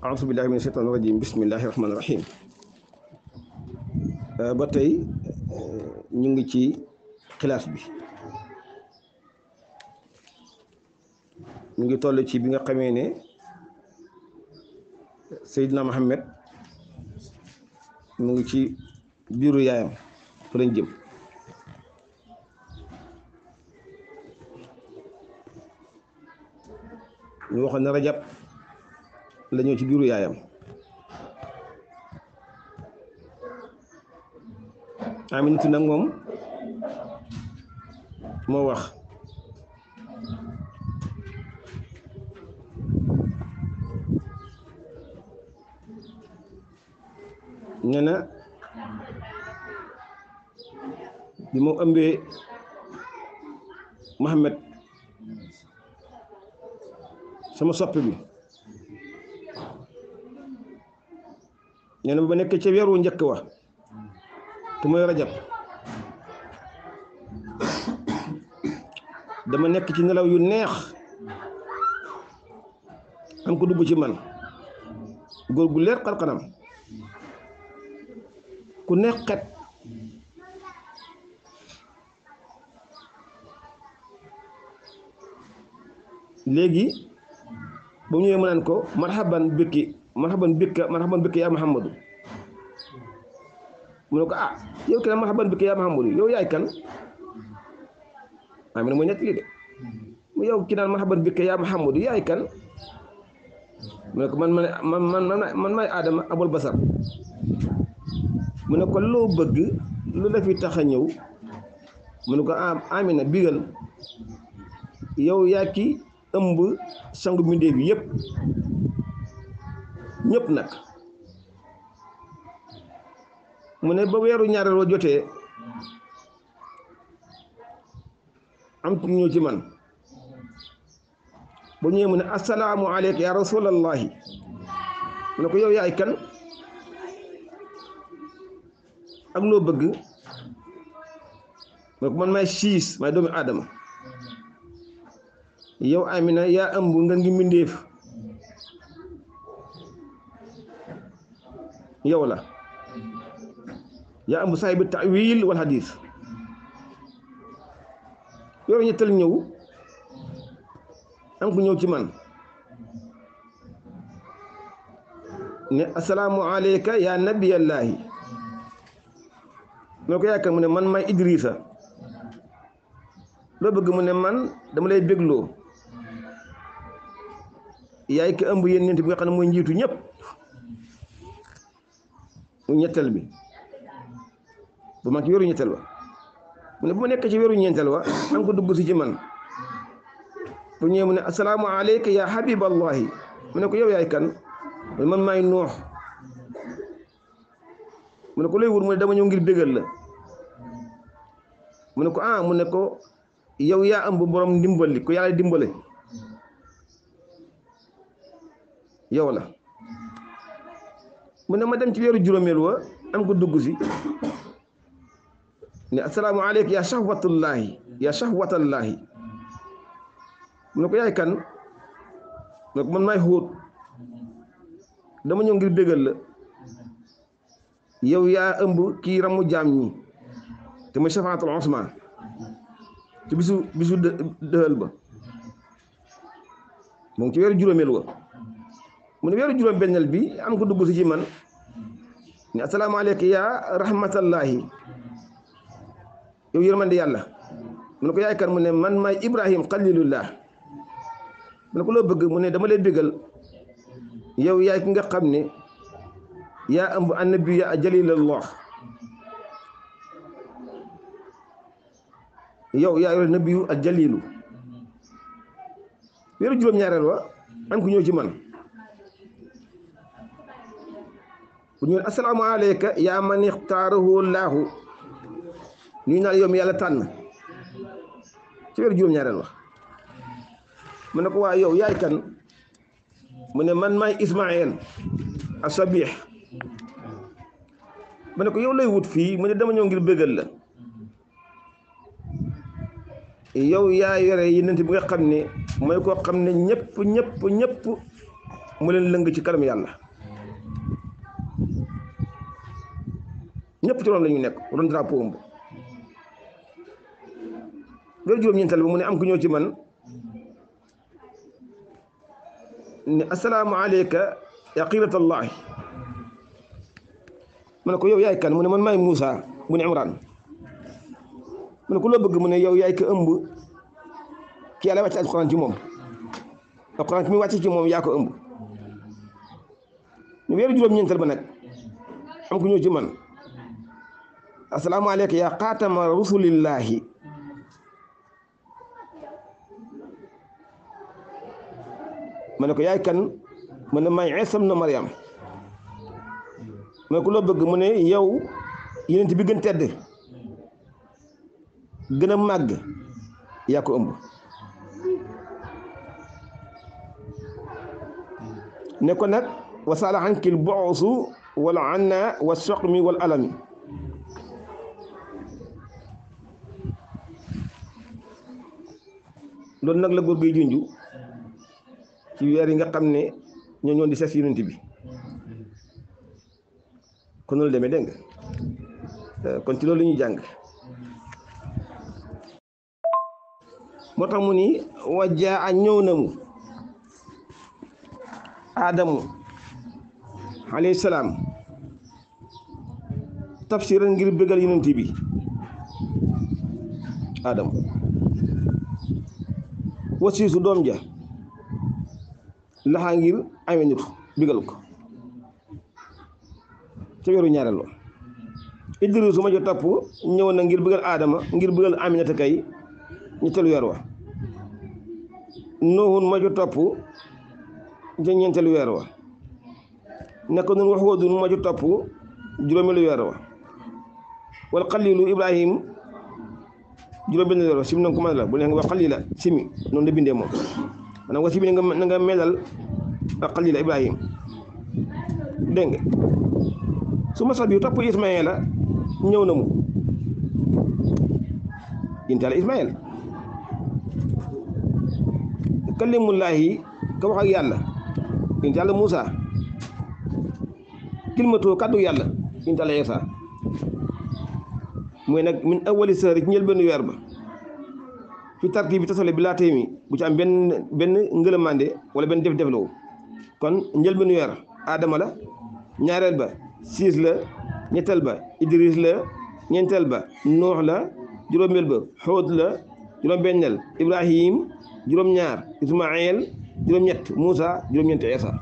aousu billahi min sheytaan rajim bismillahi rahmaani rahim euh, ba tey euh, ñu ngi ci xilaas bi mu ngi toll ci bi nga xamee ne Seydina Mohamed mu ngi ci biiru yaayam fa lañ jëm ñu waxoon ne rajab la ñëw ci biiru yaayam Aminatu nak mom mo wax nee bi mo ëmbee Mohamed sama soppe bi yang lebih ba nek ci wëru ñëk wa te moy rajab dama nek ci nelaw yu neex am ko dubbu ci man gor gu leer kan ku neex xet legi bu nan ko marhaban bikki marhaban bika marhaban bika yaa Muhammadu mu ne ko ah yow kenn marhaban bika yaa Muhammadu yow yaay kan Amina mooy ñett ki naan marhaban bika yaa Muhammadu yaay man man man man maay Adama abul basar mu ne ko loo bëgg lu la tax a ñëw mu ne ko ah, Amina bigal yow yaa ki ëmb sangu mbindéef yëpp. ñëpp nag mu ne ba weeru ñaareel wa jotee am ku ñëw ci man ba ñëwee mu ne assalaamu aleyka ya rasulallahi mu ne ko yow yaay kan ak loo bëgg mu ne ko man may siis may doomi aadama yow Amina yaa ëmb nga ngi mbindéef yow la yaa am saahibu ta'wil wal hadis yow ñettal ñëw am ku ñëw ci man ne asalaamu aleyka yaa nabiyallaahi noo ko yaakaar mu ne man may Idrissa loo bëgg mu ne man dama lay bégloo yaay ki ëmb yéen ñeent bi nga xam ne mooy njiitu ñëpp ñetteel bi bu mag wér weeru ñetteel wa mu ne bu ma nekk ci weeru ñeenteel wa na ko dugg si ci man bu ñëwee mu ne asalaamu aleyka yaa habiballahi mu ne ko yow yaay kan mu ne man maay noox mu ne ko looy wut mu ne dama ñëw ngir bégal la mu ne ko ah mu ne ko yow yaa am bu borom ndimbali ko yàlla dimbale yow la mune cewek ma dem ci weeru juromel wa am ko dugg ya ni assalamu aleykum ya shahwatullah ya shahwatullah mu ko yaay kan nak man may hoot dama ñu ngir bégal la yow ya ëmb ki ramu jam ñi te shafaatul usman ci bisu bisu deul ba mo ngi wéru juromel wa mu ne bi am ko dugg ci man ne assalaamu aleyka yaa rahmatallahi yow yërmande yàlla mu ne ko yaay kan mu ne man maay ibrahim xalilullah mu ne ko loo bëgg mu ne dama leen bégal yow yaay ki nga xam ni yaa ëmb annabi yaa jalilallah yow yaa yor nabiyu al jalilu weeru juróom-ñaareel wa am ku ñëw ci man bu yaa man ixtaarahu laahu ñu naan yow mi yàlla tànn ci weer juróom ñaareel wax mu ne ko waa yow yaay kan mu ne man maay Ismaayil Asabix mu ne ko yow lay wut fii mu ne dama ñëw ngir bëggal la yow yaa yore yenente bi nga xam ne mooy koo xam ne ñëpp ñëpp ñëpp mu leen lëng ci kanam yàlla ñépp ci loolu la nekk ron drapeau am ba weer juróom-ñeental ba mu ne am ku ñoo ci man ne asalaamu aleyka ya qiratallaahi mu ne ko yow yaay kan mu ne man maay Moussa bu ne Imran mu ne ko loo bëgg mu ne yow yaay ko ëmb ki yàlla wàcce alquran ci moom alquran mi wàcce ci moom yaa ko ëmb ñu weeru juróom-ñeental ba nag am ku ñëw ci man assalaamu aleyka yaa xaatama rusulillahi ma ko yaay kan mu may Iisaa na Maryam ma ne ku loo bëgg mu ne yow yonent bi gën tedd gën a màgg yaa ko ëmb ne ko nag wasaala ankil boosu wala anna wa soqmi wala alami loolu nag la góor guy junj ci weer yi nga xam ne ñoo ñoon di ses yonent bi kon loolu demee dégg nga euh, kon ci loolu ñuy jàng moo tax mu ni wajjaa a ñëw na mu aadamu alayhi salaam tafsiran ngir bëggal yonent bi aadamu wasiisu doom ja laxaa ngir amee nitu ko ca weeru ñaareel wa Idrisu ma topp ñëw na ngir bëggal Adama ngir bëggal Aminata kay ñetteelu weer wa Nuhun ma topp ca ñeenteelu weer wa nekk nun wax woodun ma topp juróomeelu weer wa wal xalilu Ibrahim juróom-benn dara sim na ko mën la bu neex nga wax xalila simi noonu la bindee moom maanaam nga simi na nga melal ak xalila Ibrahim dégg nga su masal bi topp Ismaila ñëw na mu yénte yàlla Ismaila kalimullaahi ka wax yàlla yénte yàlla Moussa kilmatoo kàddu yàlla yénte yàlla Isa muy nag min awali sana rek njëlbéenu weer ba fi tarti bi tasale bi laa tey mi bu ci benn benn ngëlëmande wala benn def def la kon njëlbéenu weer aadama la ñaareel ba siis la ñetteel ba idris la ñeenteel ba noox la juróomeel ba xóot la juróom-benneel ibrahim juróom-ñaar ismail juróom-ñett moussa juróom-ñeent isa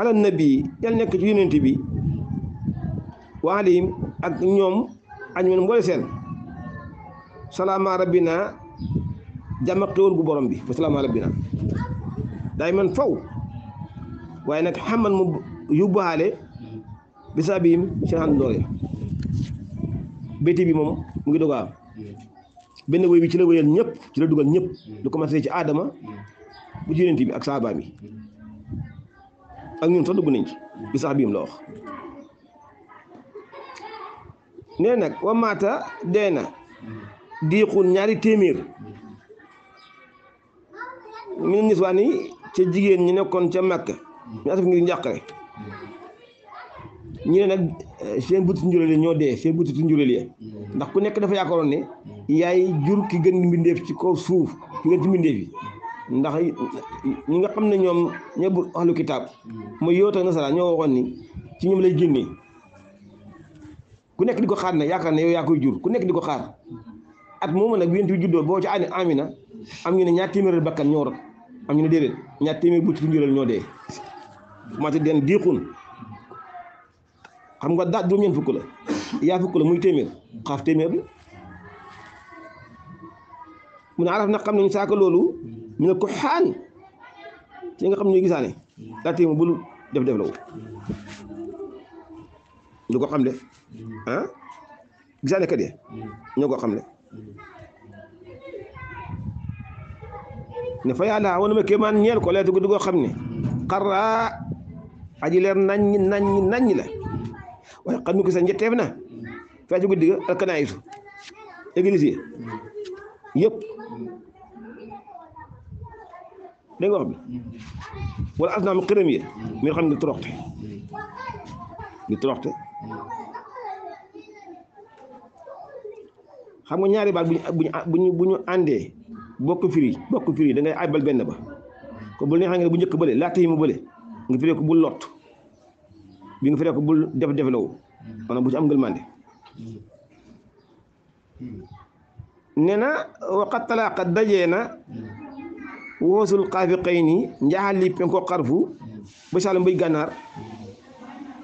xalal nabi yal nekk ci yonent bi waalim ak ñoom añmen mboole seen salaama rabbina jàmm gu borom bi ba salaama rabbina daay man faw waaye nag xamal mu yóbbaale bisaa biim seen xan doole bi moom mu ngi doog am benn wéy bi ci la wéyal ñëpp ci la dugal ñëpp lu commencé ci aadama bu ci yonent bi ak saabaa ak ñun sax dugg nañ ci bi sax biim la wax nee nag wa maata dee na diixul ñaari téeméer mi ne niswaan yi ca jigéen ñi nekkoon ca Makka ñu asaf ngir njàqare ñu ne nag eh, seen butitu njuréel yi ñoo dee seen butitu njuréel yi ndax ku nekk dafa yaakaaroon ne yaay jur ki gën mbindeef ci kaw suuf ki gën ci mbindeef ndax ñi nga xam ne ñoom ñebu ahlu kitaab mooy yoota nasara ñoo waxoon ni ci ñoom lay génnee ku nekk di ko xaar ne yaakaar ne yow yaa jur ku nekk di ko xaar at moomu nag yéen bi boo ci ànd amina am ñu ne ñaar téeméeri bakkan ñoo rot am ñu ne déedéet ñoo dee commencé den xam nga daat juróom-ñeent fukk la yaa fukk la muy téeméer xaaf téeméer la mu ne araf nag xam nañ saaka loolu ñu ne ko xaan ci nga xam ñooy gisaane laa téye bul def def lawu ñu ko xam le ah gisaane kat yi ñoo ko xam le ne fa yàlla ma kéemaan ñeel ko leetu gu dugoo xam ne xarraa aji leer naññ naññ naññ la waaye xam nu ko sa na faa ci guddi ga alkanaayisu église dégg nga wax bi wala as mu xërëm yi mi xam ne di toroxte xam nga ñaari baat bu ñu bu bokk firi bokk firi da ngay àbbal benn ba ko bu neexee nga bu njëkk bële laata yi mu bële nga firee ko bu lot bi nga firee ko bu def def lawu maanaam bu ci am ngëlmande hmm. nee na waxat talaaka dajee na woosul xaafi xëy nii njaaxal lii penko xarfu ba saalum bay gànnaar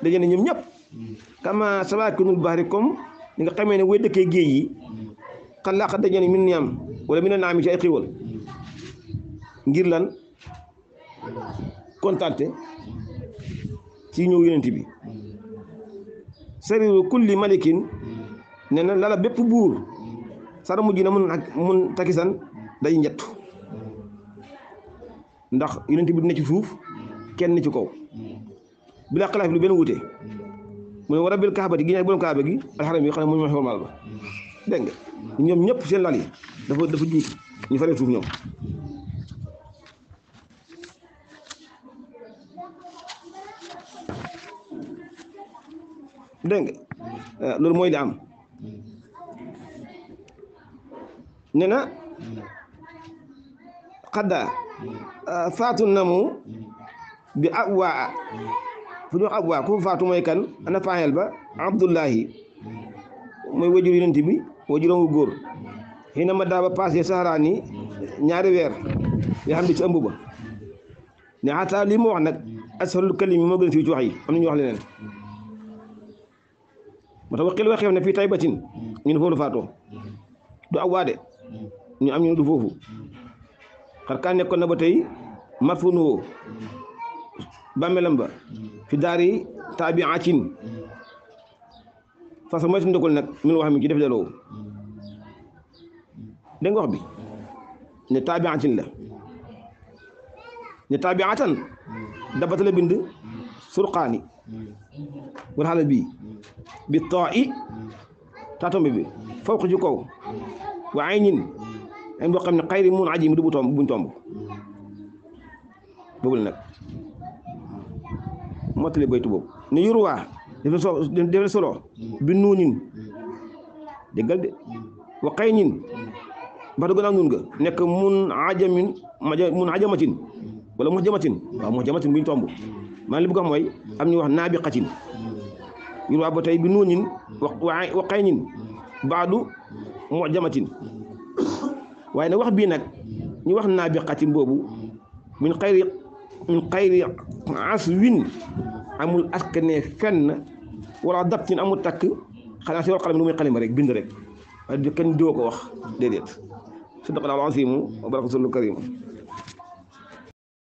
daje na ñoom ñëpp kama sabakinul bahri comme ni nga xamee ne way dëkkee géej yi xalaaq daje na min niam wala mi ne naam ci ay xiwal ngir lan kontaante ci ñëw yonent bi sariru kulli malikin nee na lala bépp buur sara mujj na mun mun takisan day ndax yonent bi dina ci suuf kenn ci kaw bilaa xilaaf lu benn wuute mooy ne wa rabbil kaabati gi ñaay borom kaaba gi alxaram yi xam ne moom xormaal ba dégg ñëpp seen lal dafa dafa juuti ñu faree eh, loolu mooy li am nee na xaddaa Euh, faatu namu bi abwaa fu ñu abwaa ku faatu mooy kan ana faaxel ba abdullahi mooy wajur yonent bi wajuram wu góor xëy na ma daa ba passé yi ñaari weer yoo xam ne ci ëmb ba ne xataa lii wax nag asfarul kalim yi moo gën a fi ci wax yi am na ñu wax leneen moo tax waxil waxeef ne fii tay batin ñu ne foofu la faatoo du abwaa de ñu am ñu ne du foofu xar kaa nekkoon na ba tey marfuun woo bàmmeelam ba fi daari taabi acin façon mooy sundakul nag min wax mi ci def daloo dégg nga bi ne taabi acin la ne taabi atan dabata bind surqaani war bi bi too i taatombe bi fawq ci kaw wa aynin dañ boo xam ne xayri mun aji mi du bu tomb buñ tomb la nag mottali baytu boobu ne yuruwaa def so def solo bi nuunin déggal de wa xay nin mbax du gën a nuun nga nekk mun ajamin mun ajamatin wala mu jamatin waaw mu jamatin buñ tomb maanaam li bëgg xam mooy am ñu wax naabiqatin yuruwaa ba tey bi nuunin wa xay baadu mu jamatin waaye nag wax bii nag ñu wax naabiqatin boobu min xayri min xayri aswin amul askane fenn wala dabtin amul takk xanaa si war xalam lu muy rek bind rek waaye kenn diwoo ko wax déedéet sadaqallaahu al-aziim wa baraka rasuuluhu